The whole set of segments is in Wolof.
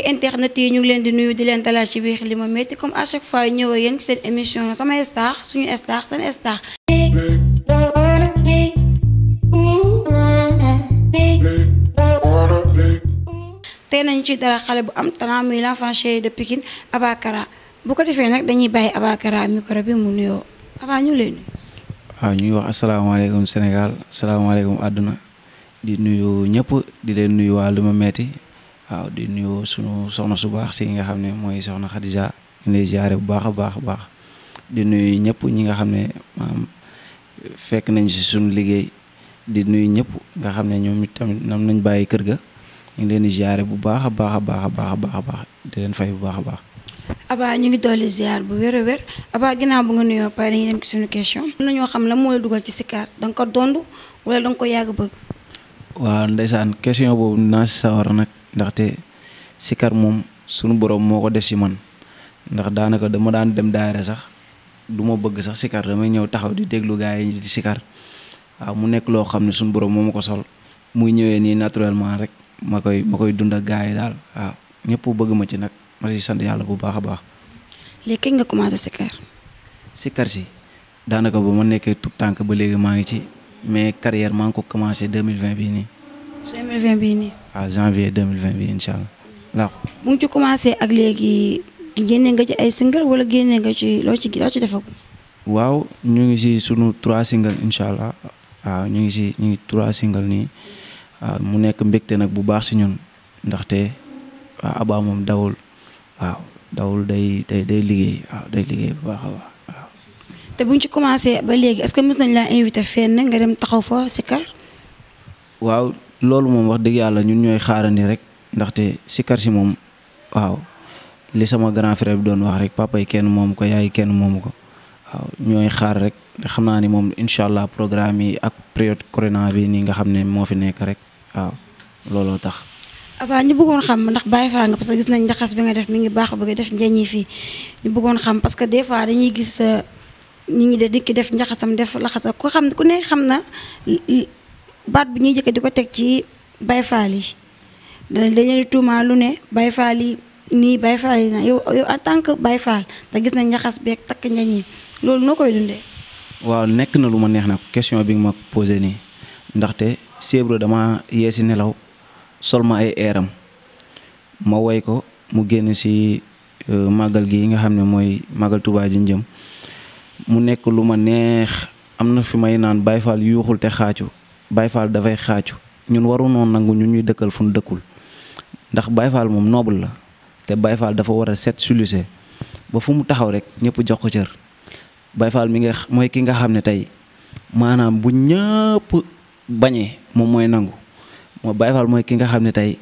mbokki internet yi ñu ngi leen di nuyu di leen dalal ci biir li ma métti comme à chaque fois ñëw yéen seen émission sama star suñu star seen star. tey nañu ci dara xale bu am talent muy l'enfant de Pikine Abakara bu ko defee nag dañuy bàyyi Abakara micro bi mu nuyoo avant ñu leen waaw ah, ñuy wax asalaamaaleykum Sénégal asalaamaaleykum àdduna di nuyu ñëpp di leen nuyu waa li ma métti. waaw di nuyu sunu soxna su baax si nga xam ne mooy soxna Khadija ñu lay ziare bu baax a baax a baax di nuyu ñëpp ñi nga xam ne maam fekk nañ si sunu liggéey di nuyu ñëpp nga xam ne ñoom tamit nam nañ bàyyi kër ga ñu leen di ziare bu baax a baax a baax a baax a baax a baax di leen fay bu baax a baax. Aba ñu ngi dolli ziar bu wér a wér Aba ginnaaw bu nga nuyoo pa dañuy dem ci sunu question. mën nañoo xam la moo la dugal ci sikar da nga ko dond wala da nga ko yàgg bëgg. waaw ndeysaan question boobu naa si sawar nag ndaxte sikar moom sunu borom moo ko def si man ndax daanaka dama daan dem daayira sax du ma bëgg sax sikar damay ñëw taxaw di déglu gaa yi di sikar waaw mu nekk loo xam ne sunu borom moom ma ko sol muy ñëwee nii naturellement rek ma koy ma koy dund ak yi daal waaw ñëpp bëgg ma ci nag ma si sant yàlla bu baax a baax. léegi nga commencé sikar. sikar si daanaka ba ma nekkee tout tànk ba léegi maa ngi ci mais carrière maa ngi ko commencé 2020 bii ni 2020 bii nii. waaw ah, janvier 2020 bii incha allah. ndax. mu ngi ci commencé ak léegi génne nga ci ay single wala génne nga ci loo ci loo ci defagum. waaw ñu ngi si sunu trois single incha allah waaw ah, ñu ngi si ñu ngi trois single nii ah, mu nekk mbégte nag bu baax si ñun ndaxte waaw Abba moom dawul waaw dawul day day day liggéey day liggéey bu baax a baax te bu ci commencé ba léegi est-ce que mës nañ laa invité fenn nga dem taxaw fa si kar waaw Lol moom wax deug yalla ñun ñoy xaarani rek ndaxte ci karsi moom waaw li sama grand frère bi doon wax rek papa yi kenn moom ko yaay kenn mom ko waaw ñoy xaar rek xamna ni moom inshallah allah programme yi ak période corona bi ni nga xamne ne fi nek rek waaw looloo tax. aba ñu bëggoon xam ndax Baye fa nga parce que gis nañ ndaxas bi nga def mi ngi baax bëgg def njañi fi ñu bëggoon xam parce que des fois dañuy gis euh, ñi ngi de dikki def njaxasam def laxasam ku xam ku ne xamna baat bi ñuy jëkk di ko teg ci bayfaal yi dañ leen di tuumaa lu ne bayfaal yi nii bayfaal yi na yow en tant que bayfaal te gis nañ ñaxas beeg takk njañi loolu noo koy dundee. waaw nekk na lu ma neex nag question bi nga ma posé nii ndaxte Sébro dama yee si nelaw sol ma ay eeram ma woy ko mu génn si euh, màggal gi nga xam ne mooy màggal Tuubaa ji njëm mu nekk lu ma neex am na fi may naan bayfaal yuuxul te xaacu. Baye Fall dafay xaaju ñun waru noonu nangu ñu ñuy dëkkal fu ñu dëkkul ndax Baye Fall moom noobul la te Baye Fall dafa war a set sulucé ba fu mu taxaw rek ñëpp jox ko cër Baye Fall mi nga mooy ki nga xam ne tey maanaam bu ñëpp bañee moom mooy nangu moo Baye mooy ki nga xam ne tey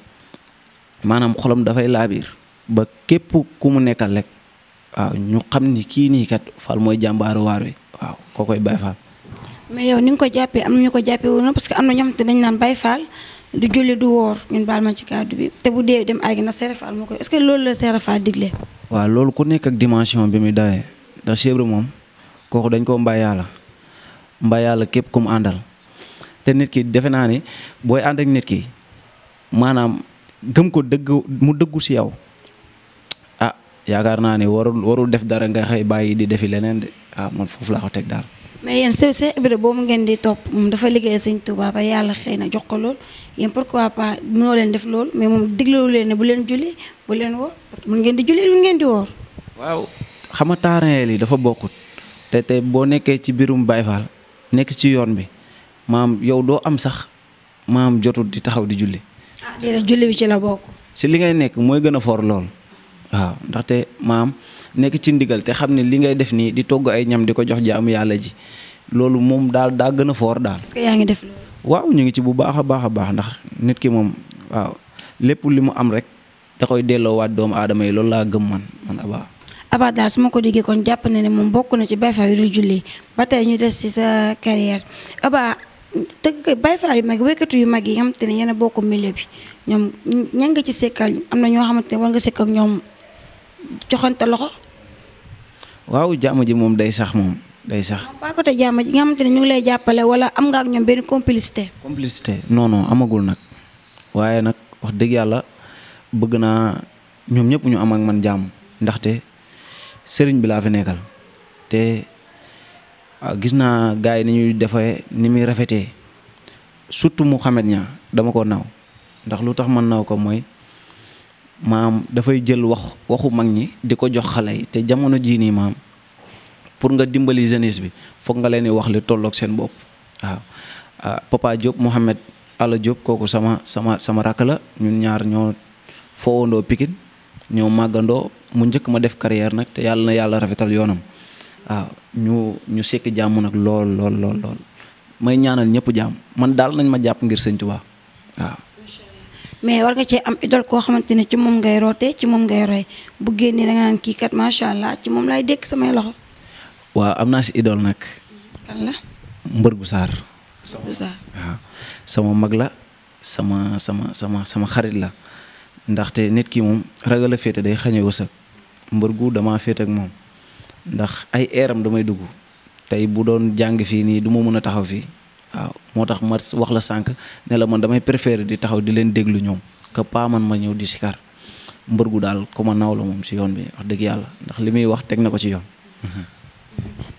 maanaam xolam dafay laabiir ba képp ku mu nekkal rek waaw ñu xam ni kii nii kat Fall mooy jàmbaaru waar wi waaw koo koy Baye Fall mais yow ni nga ko jàppee am ñu ko jàppee woon parce que am na ñoo te dañu naan bay faal du julli du woor ñun baal ma ci kàddu bi te bu dee dem àgg na seerafaal moo koy est ce que loolu la faa digle. waaw loolu ku nekk ak dimension bi muy dawee ndax chèvre moom kooku dañ koo mbay yàlla mbay yàlla képp ku mu àndal te nit ki defe naa ni booy ànd ak nit ki maanaam gëm ko dëgg mu dëggu si yow ah yaakaar naa ne warul warul def dara nga xëy bàyyi di defi leneen de ah foofu laa ko teg daal. mais yéen seen seen Ibra boobu ngeen di topp moom dafa liggéey sëñ Tuubaa ba yàlla xëy na jox ko lool yéen pourquoi pas mënoo leen def loolu mais moom diglalu leen ne bu leen julli bu leen woor mun ngeen di julli lu ngeen di woor. waaw xam nga terrain yi dafa bokkut te te boo nekkee ci biirum Baay Faal nekk ci yoon bi maam yow doo am sax maam jotul di taxaw di julli. ah déedéet julli bi ci la bokk. si li ngay nekk mooy gën a foor lool waaw ndaxte maam. nekk ci ndigal te xam ne li ngay def nii di togg ay ñam di ko jox jaamu yàlla ji loolu moom daal daa gën foor daal. yaa ngi def loolu. waaw ñu ngi ci bu baax a baax a baax ndax nit ki moom waaw lépp li mu am rek da koy delloowaat doomu aadama yi loolu laa gëm man man abaa. abaa daal su ma ko déggee kon jàpp na ne moom bokk na ci Baye Fall yu julli ba tey ñu des ci sa carrière abaa tëgg Baye Fall yu mag wékkatu yu mag yi nga xamante ne yéen a bokk milieu bi ñoom ña nga ci sekkal am na ñoo xamante ne war nga sekk ak ñoom joxante loxo. waaw jàmm ji moom day sax moom day sax. waaw ba côté jàmm ji nga xamante ne ñu ngi lay jàppale wala am nga ak ñoom benn complicité. noonoo amagul nag waaye nag wax dëgg yàlla bëgg naa ñoom ñëpp ñu am ak man jàmm ndaxte sëriñ bi laa fi nekkal te ah, gis naa gars yi ni ñuy defee ni muy rafetee mu Mouhamed Niang dama ko naw ndax lu tax man naw ko mooy. maam fay jël wax waxu mag ñi diko jox xalé té te jamono ji ni maam pour nga dimbali jeunesse bi foog nga leni wax li tolloog seen bop ah, Papa job Muhammad Ala job koku sama sama sama rakk la ñun ñaar ñoo foowandoo Pikine ño magando mu ñëk ma def carrière nak te yalla na yalla rafetal yonam waaw ñu ñu sék jamm nak lol lol lol may ñaanal ñëpp jamm man dal nañ ma japp ngir sëñ waaw mais war nga ci am idole ko xamanteni ci mom ngay roté ci mom ngay roy bu génné da nga naan ki kat machallah ci mom lay dék samay loxo. wa am ci idol idole nag. kan la. mbër gu sar sama mag la sama sama sama sama xarit la té nit ki mom ragal fété day day wu wësëg mbeur gu dama fété ak mom ndax ay éram damay dugg tay bu doon jang fi ni duma mëna taxaw fi waaw moo tax ma wax la sànq ne la man damay préféré di taxaw di leen déglu ñoom que pas man ma ñëw di sikar mbër daal ku ma naw la moom si yoon bi wax dëgg yàlla ndax li wax teg na ko ci yoon.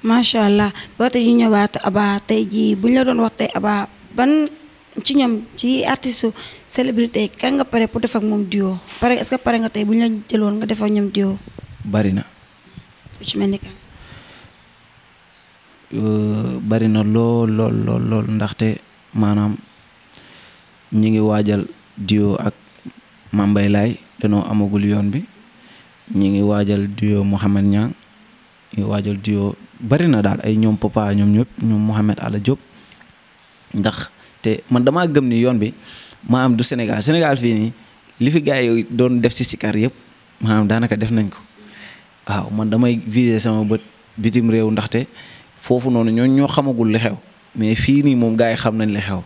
macha allah ba tey ñu ñëwaat Aba tey jii buñ la doon wax tey Aba ban ci ñoom ci artiste célébrité kan nga pare pour def ak moom duo pare est-ce que pare nga tey buñ la jëloon nga def ak ñoom duo. bari ci mel ni kan. Euh, bari na lool lool lool ndaxte maanaam ñi ngi waajal duo ak Mambay Laay danoo amagul yoon bi ñi ngi waajal duo Mouhamed Niang ñi waajal duo bari na daal ay ñoom Papa ñoom ñëpp ñoom Mouhamed Ala Diop ndax te man damaa gëm ni yoon bi maanaam du Sénégal Sénégal fii nii li fi gars yi doon def si sikar yëpp maanaam daanaka def nañ ko waaw man damay viser sama bët bitim réew ndaxte Fofu noonu ñoo ñoo xamagul li xew mais fi ni mom gaay xam nañ li xew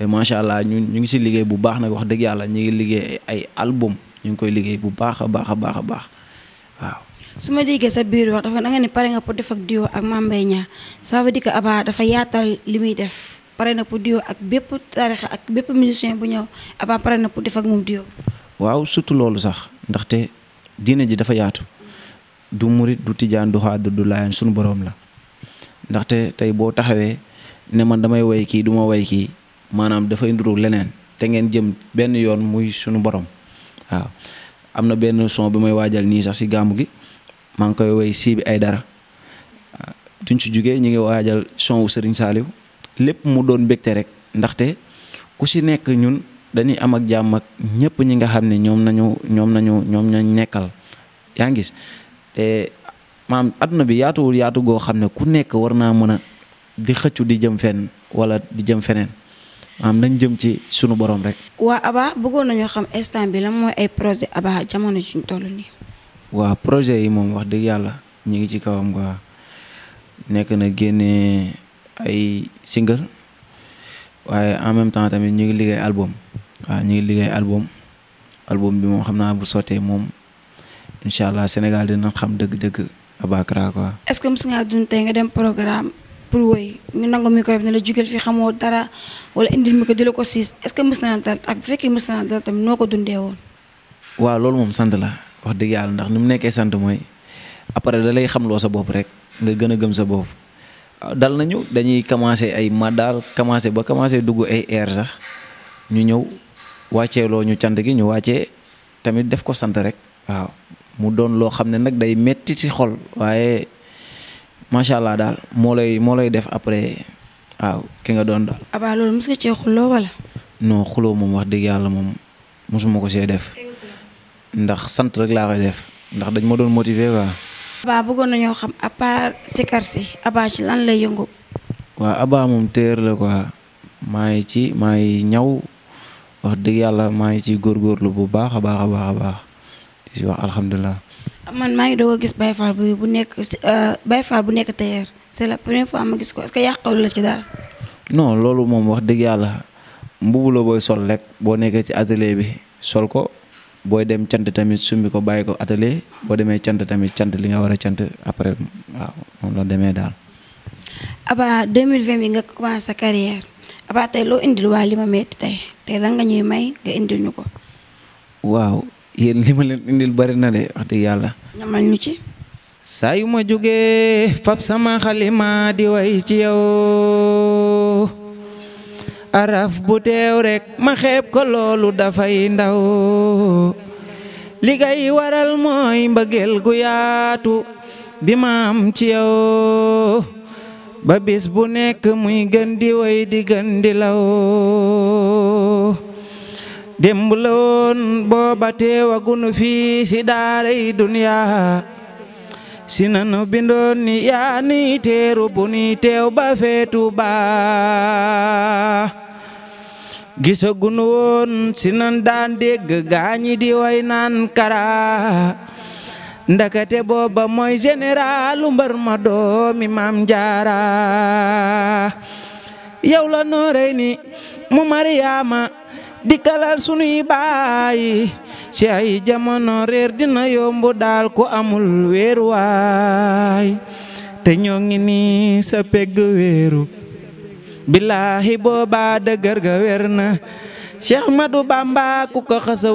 et sha allah ñu ñu ngi si liggéey bu baax nak wax dëgg Yalla ñi ngi liggéey ay album ñu ngi koy liggéey bu baax baax baax baax waaw. suma diggé sa biir wax dafa da nga ni paré nga pour def ak dio ak mambay Mbaye ça veut dire que aba dafa yaatal li def paré na pour dio ak bép tarixa ak bép musicien bu ñew aba paré na pour def ak mom dio waaw surtout lolu sax té diiné ji dafa yaatu du mourid du tidiane du hadd du layen sunu borom la. ndaxte tey boo taxawee ne man damay woy kii duma woy kii maanaam dafay nduru leneen te ngeen jëm benn yoon muy suñu borom waaw am na benn son bi may waajal nii sax si gàmmu gi maa ngi koy woy sii bi ay dara duñ si jógee ñu ngi waajal son wu Serigne Saliou lépp mu doon mbégte rek ndaxte ku si nekk ñun dañuy am ak jàmm ñépp ñëpp ñi nga xam ne ñoom nañu ñoom nañu ñoom nañ nekkal yaa ngi maanaam adduna bi yaatuwul yaatu goo xam ne ku nekk war naa mën a di xëccu di jëm fen wala di jëm feneen maanaam nañ jëm ci sunu borom rek. waa Aba bëggoon nañoo xam instant bi lan mooy ay projet Aba jamono ji ñu waa projet yi moom wax dëgg yàlla ñu ngi ci kawam quoi nekk na génne ay single waaye en même temps tamit ñu ngi liggéey album waaw ñu ngi liggéey album album bi moom xam naa bu sotee moom incha allah Sénégal dina xam dëgg-dëgg. Abakra quoi. est ce que mos ngaa dund tey nga dem programme pour woy ñu nangu micro bi ne la jugal fi xamoo dara wala indil micro di la ko siis est ce que mos naa dal ak bu fekkee mos naa dal tamit noo ko dundee woon. waaw loolu moom sant la wax dëgg yàlla ndax ni mu nekkee sant mooy après da xam loo sa bopp rek nga gën a gëm sa bopp. dal nañu dañuy commencé ay ma daal commencé ba commencé dugg ay air sax ñu ñëw wàccee wàcceeloo ñu cant gi ñu wàccee tamit def ko sant rek waaw mu doon loo xam ne nag day metti ci xol waaye macha allah daal moo lay moo lay def après waaw ki nga doon daal. abaa loolu mos nga cee xuloo moom wax dëgg yàlla moom mosuma ko see def ndax sant rek laa def ndax dañ ma doon motiver quoi. abaa bëggoon nañoo xam à part sikar si abaa ci lan lay yëngu. waaw abaa moom téer la quoi maa ngi ci maa ngi ñaw wax dëgg yàlla maa ngi ci góorgóorlu bu baax a baax a baax a baax. si wax alhamdulilah. man maa ngi doo a gis Baye Fall bu nekk euh, Baye Fall bu nekk tailleur c'est la première fois ma gis ko est-ce que yàqalu la ci dara. non loolu moom wax dëgg yàlla mbubu la booy sol rek boo nekkee ci atelier bi sol ko booy dem cant tamit sumbi ko bàyyi ko atelier boo demee cant tamit cant li nga war a cant après waaw moom la demee daal. Aba 2020 bi nga commencé sa carrière Aba tey loo indil waa li ma metti tey tey lan nga ñuy may nga indil ñu ko. waaw yéen li ma leen indil bari na de wax de yalla ñamal ñu ci. fab sama khalima di way ci yow araf bu teew rek ma xeb ko da fay ndaw ligay waral moy mbegel gu yaatu bi ma am ci yow ba bes bu nek muy gën di way di gën law démb la woon booba teewagunu fii si daaray duniya si nanu bindoon ni yaa teeru bu ni teew ba feetu ba gisagunu woon si nan daan dégg gaañi di way naan kara ndakate booba mooy généralu mbar doomi maam jaara yow noorey ni mu mariyaama Di sunuy baay ci ay jamono reer dina yombu dal ko amul weruai. te ñongi ni sa pegg wéeru billaahi de ger ga werna Cheikh Madou Bamba ku ko xasa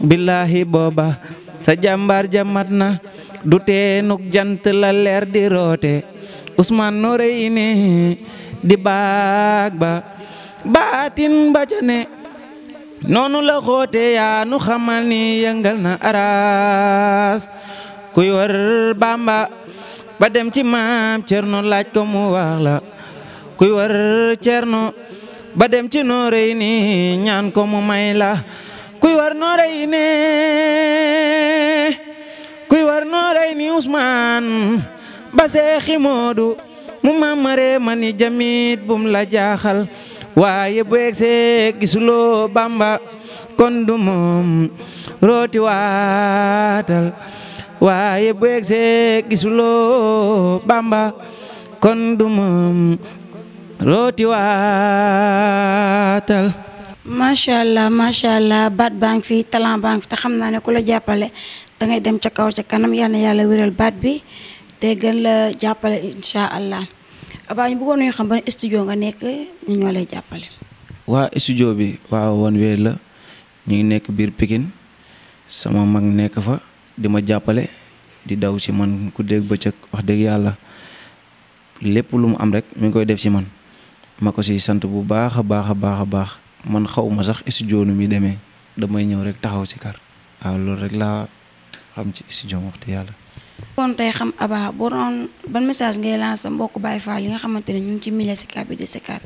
billahi billaahi sa jambar jamatna na du jant la leer di roote Ousmane di bag ba baatin ba ca noonu la xoote yaa nu xamal ni yëngal na aras kuy wër bamba ba dem ci maam cerno laaj ko mu wax la kuy wër cerno ba dem ci noorey ni ñaan ko mu may la kuy war noorey ne kuy war noorey ni Ousmane ba seexi mu mamaree ma ni jamit bum la jaaxal waye bu exé gisulo bamba kon du moom rooti waatal waaye bu exé gisulo bamba kon du moom rooti waatal macha allah macha allah fi talent bank ta xamna ne ku la da ngay dem ci kaw ci kanam yalla yalla wëral bad bi te gën la jappalé inshallah allah abaa ñu bëggoon nañu xam ban studio nga nekk ñu ñoo lay jàppale. waa studio bi waaw One Way la ñu ngi nekk biir pikin sama mag nekk fa di ma jàppale di daw si man ku dégg bëccëg wax dëgg yàlla lépp lu mu am rek mu ngi koy def si man ma ko si sant bu baax a baax a baax a baax man xaw sax studio nu muy demee damay ñëw rek taxaw si kar waaw loolu rek laa xam ci studio wax dëgg yàlla. kon tey xam Aba boo doon ban message ngay sa mbokk Baye Fall li nga xamante ne ñu ngi ci milieu Sikar bi di Sikar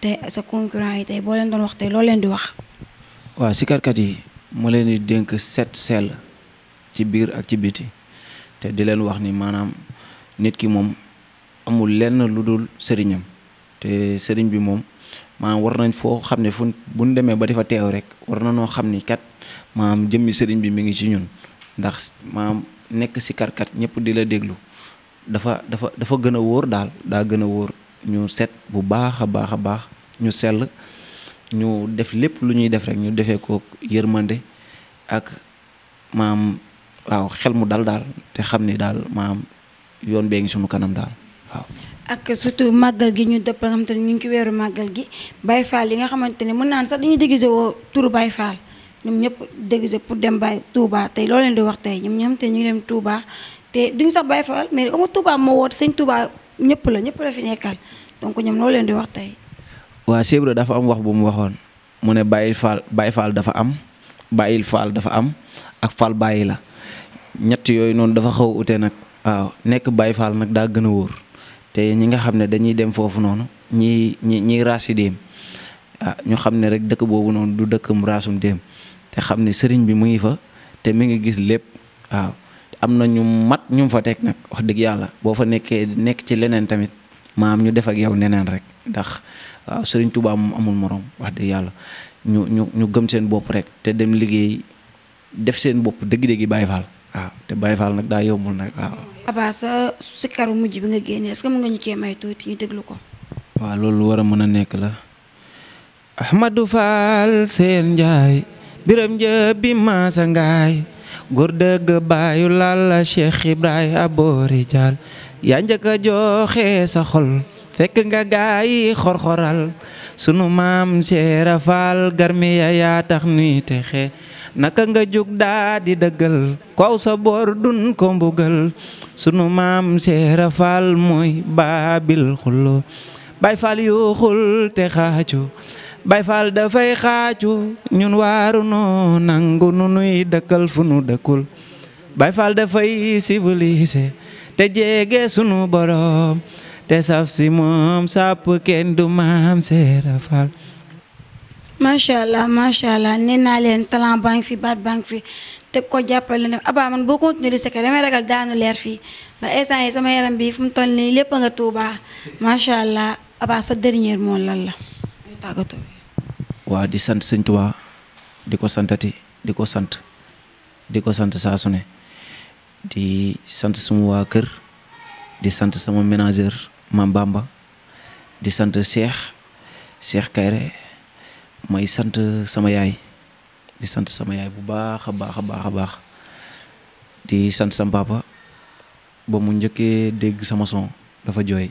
te sa concurrent yi tey boo leen doon wax tey looleen di wax. waaw Sikarkat yi ma leen di dénk set sell ci biir ak ci biti te di leen wax ni maanaam nit ki moom amul lenn lu dul sëriñam te sëriñ bi moom. maanaam war nañ foo xam ne fu bu ñu demee ba defa teew rek war na noo xam ni kat maanaam jëmmi sëriñ bi mi ngi ci ñun ndax maanaam nekk si karkat ñëpp di la déglu dafa dafa dafa gën a wóor daal daa gën a wóor ñu set bu baax a baax a baax ñu sell ñu def lépp lu ñuy def rek ñu defee ko yërmande ak maam waaw xel mu dal daal te xam ni daal maam yoon bee ngi sunu kanam daal waaw. ak surtout màggal gi ñu dëpp nga xamante ne ñu ngi ci weeru màggal gi Baye Fall yi nga xamante ne mën naan sax dañu déguisé woo turu Baye Fall. ñoom ñëpp déguisé pour dem bàyyi Touba tey loolu leen di wax tey ñoom ñoo ñu ngi dem Touba te duñu sax bàyyi faal mais ama Touba moo woote sëñ ñëpp la ñëpp la donc ñoom loolu leen di wax tey. waa Sébra dafa am wax bu mu waxoon mu ne bàyyi faal bàyyi faal dafa am bàyyil faal dafa am ak faal bàyyi la ñett yooyu noonu dafa xaw a ute nag. waaw nekk bàyyi faal nag daa gën a wóor te ñi nga xam ne dañuy dem foofu noonu ñi ñi ñiy raasi déem ah ñu xam ne rek dëkk boobu noonu du dëkkam raasum déem te xam ni sëriñ bi mu ngi fa te mu ngi gis lépp waaw am na ñu mat ñum fa teg nag wax dëgg yàlla boo fa nekkee nekk ci leneen tamit maam ñu def ak yow neneen rek ndax waaw sëriñ Tuubaa moom amul moroom wax dëgg yàlla ñu ñu ñu gëm seen bopp rek te dem liggéey def seen bopp dëgg-dëgg Baay Faal waaw te Baay Faal nag daa yombul nag waaw. Abba sa sikaru mujj bi nga génnee est-ce que mën nga ñu cee may tuuti ñu déglu ko. waaw loolu war a mën a nekk la. Ahmadou Fall seen Njaay. biram njëbbi maasa ngaay góor dëgg baayu lalla cheikh ibraay aboori jaal yaa njëkk a joxe sa xol fekk nga gaayi xorxoral sunu maam seera faal garmiya yaa tax nuy texe naka nga jóg daadi di dëggal kow sa bor dun ko mbugal sunu maam seera faal mooy baabil xullo bay faal yuuxul te xaacu bay faal dafay xaacu ñun waaru noo nangu nu nuy dëkkal dëkkul bay faal dafay civilisé te jege sunu borom te saf si moom sàpp kenn du maam seera faal macha allah macha naa leen talent baa ngi fi baat baa fi te ko jàppale ne aba man boo continué di sekk damay leer fii ba yi sama yaram bi fu mu toll nii lépp a nga tuubaa macha allah abaa sa dernier mot lan la tàggatoo waa di sant sëñ Tuubaa di ko santati di ko sant di ko sant saa su ne di sant suma waa kër di sant sama ménageur ma Bamba di sant Cheikh Cheikh Kayre may sant sama yaay di sant sama yaay bu baax a baax a baax a baax di sant sama papa ba mu njëkkee dégg sama son dafa jooy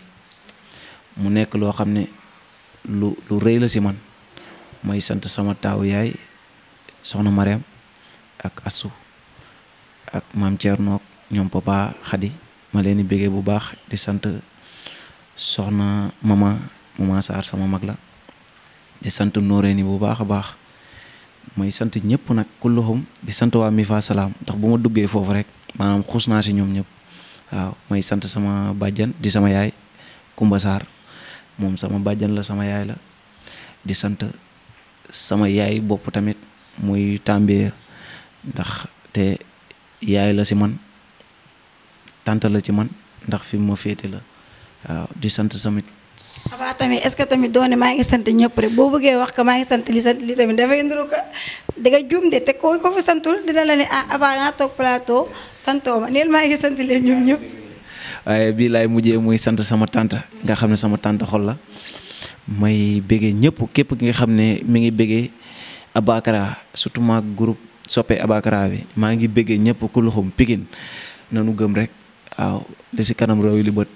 mu nekk loo xam ne lu lu rëy la si man may sant sama taawu yaay soxna Mariam ak Assou ak maam Thierno ñoom papa Khady ma leen di béggee bu baax di sant soxna mama mama Sarr sama mag la di sant Noreyni bu baax a baax may sant ñëpp nag kulluhum di sant waa mi fa salaam ndax bu ma duggee foofu rek maanaam xuus naa si ñoom ñëpp waaw may sant sama bàjjan di sama yaay Kumba Sarr moom sama bàjjan la sama yaay la di sant sama yaay bopp tamit muy tàmbee ndax te yaay la si man tant la ci man ndax fi ma féete la waaw di sant samit abaa tamit est-ce que tamit doone maa ngi sant ñëpp rek boo bëggee wax ko maa ngi sant li sant li tamit dafay nduru ko da nga juum de te koo ko fi santul dina la ne ah abaa nga toog plateau santoo ma neel maa ngi sant leen ñoom ñëpp waaye bii laay mujjee muy sant sama tànt nga xam ne sama tànt xol la may béggee ñëpp képp ki nga xam ne mi ngi béggee Abakara surtout ma groupe soppe Abakara bi maa ngi béggee ñëpp ku loxum Pikine nanu gëm rek waaw li si kanam raw yi bët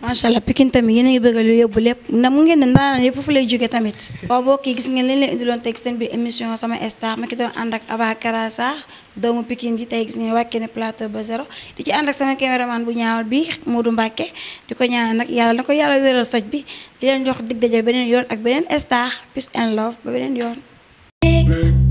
macha allah Pikine tamit yéen a ngi bëgg a lu yóbbu lépp na mu ngeen ne ndaanaan yëpp foofu lay jógee tamit waaw mbokk yi gis ngeen leen leen indiloon teg seen bi émission sama star ma ki doon ànd ak Aba Karasa doomu Pikine gi tey gis ngeen wàcce ne plateau ba zéro di ci ànd ak sama caméraman bu ñaawal bi Modou mbàkke di ko ñaan nag yàlla na ko yàlla wéral soj bi di leen jox dig daje beneen yoon ak beneen star peace and love ba beneen yoon